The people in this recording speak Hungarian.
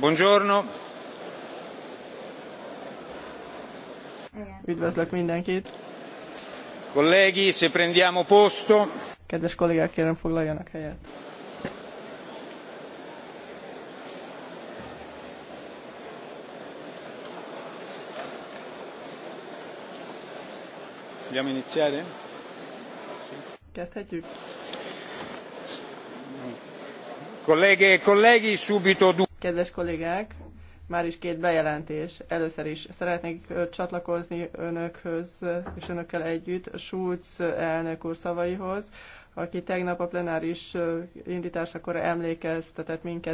Buongiorno. Üdvözlök mindenkit. Kollégi, se prendiamo posto. Kedves kollégák, kérem foglaljanak helyet. Vogliamo iniziare? Kezdhetjük. Colleghe e colleghi, subito Kedves kollégák, már is két bejelentés. Először is szeretnék csatlakozni önökhöz és önökkel együtt Schulz elnök úr szavaihoz, aki tegnap a plenáris indításakor emlékeztetett minket